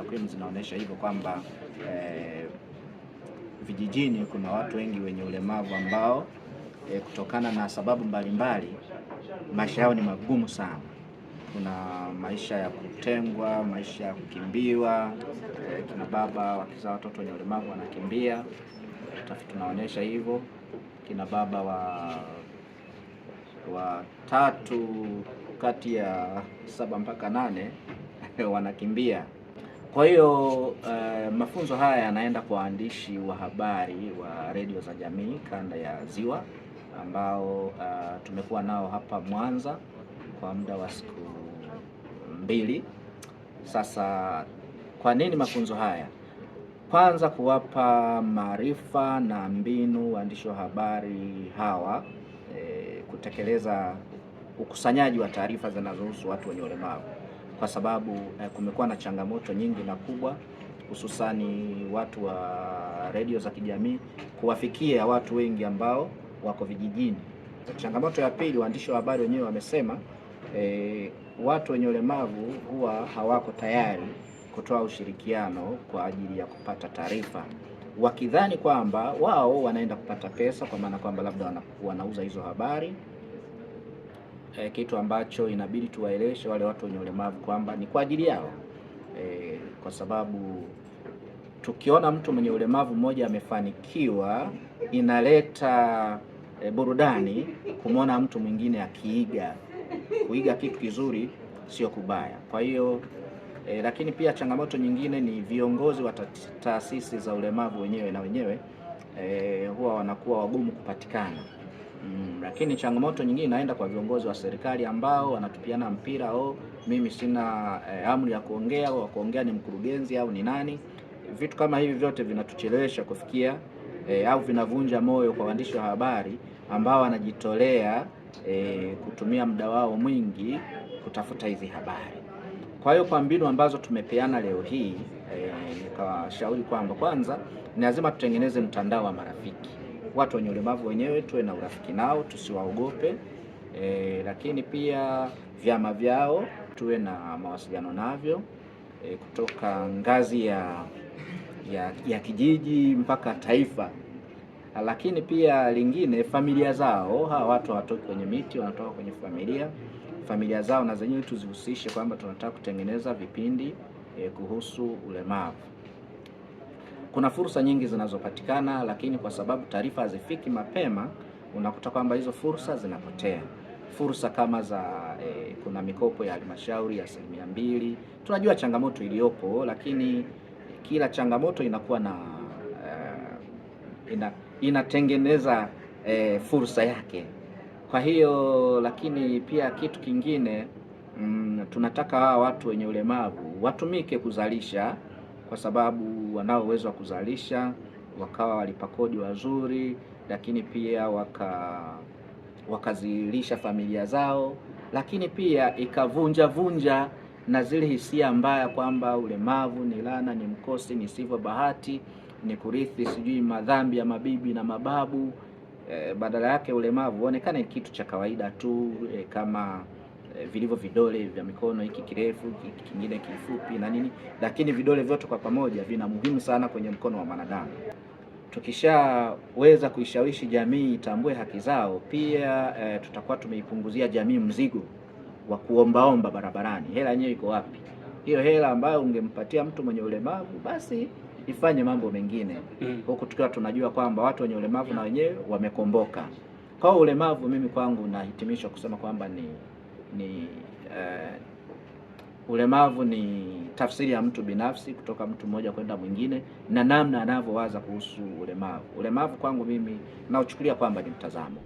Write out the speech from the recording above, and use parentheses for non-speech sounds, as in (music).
takwimu zinaonyesha hivyo kwamba eh, vijijini kuna watu wengi wenye ulemavu ambao eh, kutokana na sababu mbalimbali maisha yao ni magumu sana. Kuna maisha ya kutengwa, maisha ya kukimbiwa. Eh, kina baba wakizaa watoto wenye ulemavu wanakimbia, utafiti tunaonyesha hivyo. Kina baba wa watatu kati ya saba mpaka nane (laughs) wanakimbia. Kwa hiyo uh, mafunzo haya yanaenda kwa waandishi wa habari wa redio za jamii kanda ya Ziwa ambao uh, tumekuwa nao hapa Mwanza kwa muda wa siku mbili sasa. Kwa nini mafunzo haya? Kwanza, kuwapa maarifa na mbinu waandishi wa habari hawa e, kutekeleza ukusanyaji wa taarifa zinazohusu watu wenye ulemavu kwa sababu eh, kumekuwa na changamoto nyingi na kubwa hususani watu wa redio za kijamii kuwafikia watu wengi ambao wako vijijini. Changamoto ya pili, waandishi wa habari wenyewe wamesema eh, watu wenye ulemavu huwa hawako tayari kutoa ushirikiano kwa ajili ya kupata taarifa, wakidhani kwamba wao wanaenda kupata pesa, kwa maana kwamba labda wanauza hizo habari eh, kitu ambacho inabidi tuwaeleweshe wale watu wenye ulemavu kwamba ni kwa ajili yao eh, kwa sababu tukiona mtu mwenye ulemavu mmoja amefanikiwa inaleta eh, burudani kumwona mtu mwingine akiiga. Kuiga kitu kizuri sio kubaya. Kwa hiyo eh, lakini pia changamoto nyingine ni viongozi wa taasisi za ulemavu wenyewe na wenyewe eh, huwa wanakuwa wagumu kupatikana mm, lakini changamoto nyingine inaenda kwa viongozi wa serikali ambao wanatupiana mpira, oh, mimi sina eh, amri ya kuongea au kuongea ni mkurugenzi au ni nani. Vitu kama hivi vyote vinatuchelewesha kufikia eh, au vinavunja moyo kwa waandishi wa habari ambao wanajitolea eh, kutumia muda wao mwingi kutafuta hizi habari. Kwa hiyo kwa mbinu ambazo tumepeana leo hii eh, nikawashauri kwamba kwanza ni lazima tutengeneze mtandao wa marafiki watu wenye ulemavu wenyewe tuwe na urafiki nao, tusiwaogope. E, lakini pia vyama vyao tuwe na mawasiliano navyo e, kutoka ngazi ya, ya, ya kijiji mpaka taifa. Lakini pia lingine, familia zao, hawa watu hawatoki kwenye miti, wanatoka kwenye familia. Familia zao na zenyewe tuzihusishe kwamba tunataka kutengeneza vipindi e, kuhusu ulemavu kuna fursa nyingi zinazopatikana, lakini kwa sababu taarifa hazifiki mapema, unakuta kwamba hizo fursa zinapotea. Fursa kama za e, kuna mikopo ya halmashauri ya asilimia mbili. Tunajua changamoto iliyopo, lakini kila changamoto inakuwa na e, ina, inatengeneza e, fursa yake. Kwa hiyo lakini pia kitu kingine mm, tunataka hawa watu wenye ulemavu watumike kuzalisha kwa sababu wanao uwezo wa kuzalisha, wakawa walipa kodi wazuri, lakini pia waka wakazilisha familia zao, lakini pia ikavunja vunja na zile hisia mbaya kwamba ulemavu ni laana, ni mkosi, ni sivyo bahati, ni kurithi sijui madhambi ya mabibi na mababu. E, badala yake ulemavu uonekane kitu cha kawaida tu e, kama Eh, vilivyo vidole vya mikono, hiki kirefu, kingine kifupi na nini, lakini vidole vyote kwa pamoja vina muhimu sana kwenye mkono wa mwanadamu. Tukishaweza kuishawishi jamii itambue haki zao, pia e, tutakuwa tumeipunguzia jamii mzigo wa kuombaomba barabarani, hela yenyewe iko wapi? Hiyo hela ambayo ungempatia mtu mwenye ulemavu basi ifanye mambo mengine, mm. huku tukiwa tunajua kwamba watu wenye ulemavu na wenyewe wamekomboka. Kwa ulemavu, mimi kwangu nahitimisha kusema kwamba ni ni eh, ulemavu ni tafsiri ya mtu binafsi kutoka mtu mmoja kwenda mwingine na namna anavyowaza kuhusu ulemavu. Ulemavu kwangu mimi naochukulia kwamba ni mtazamo.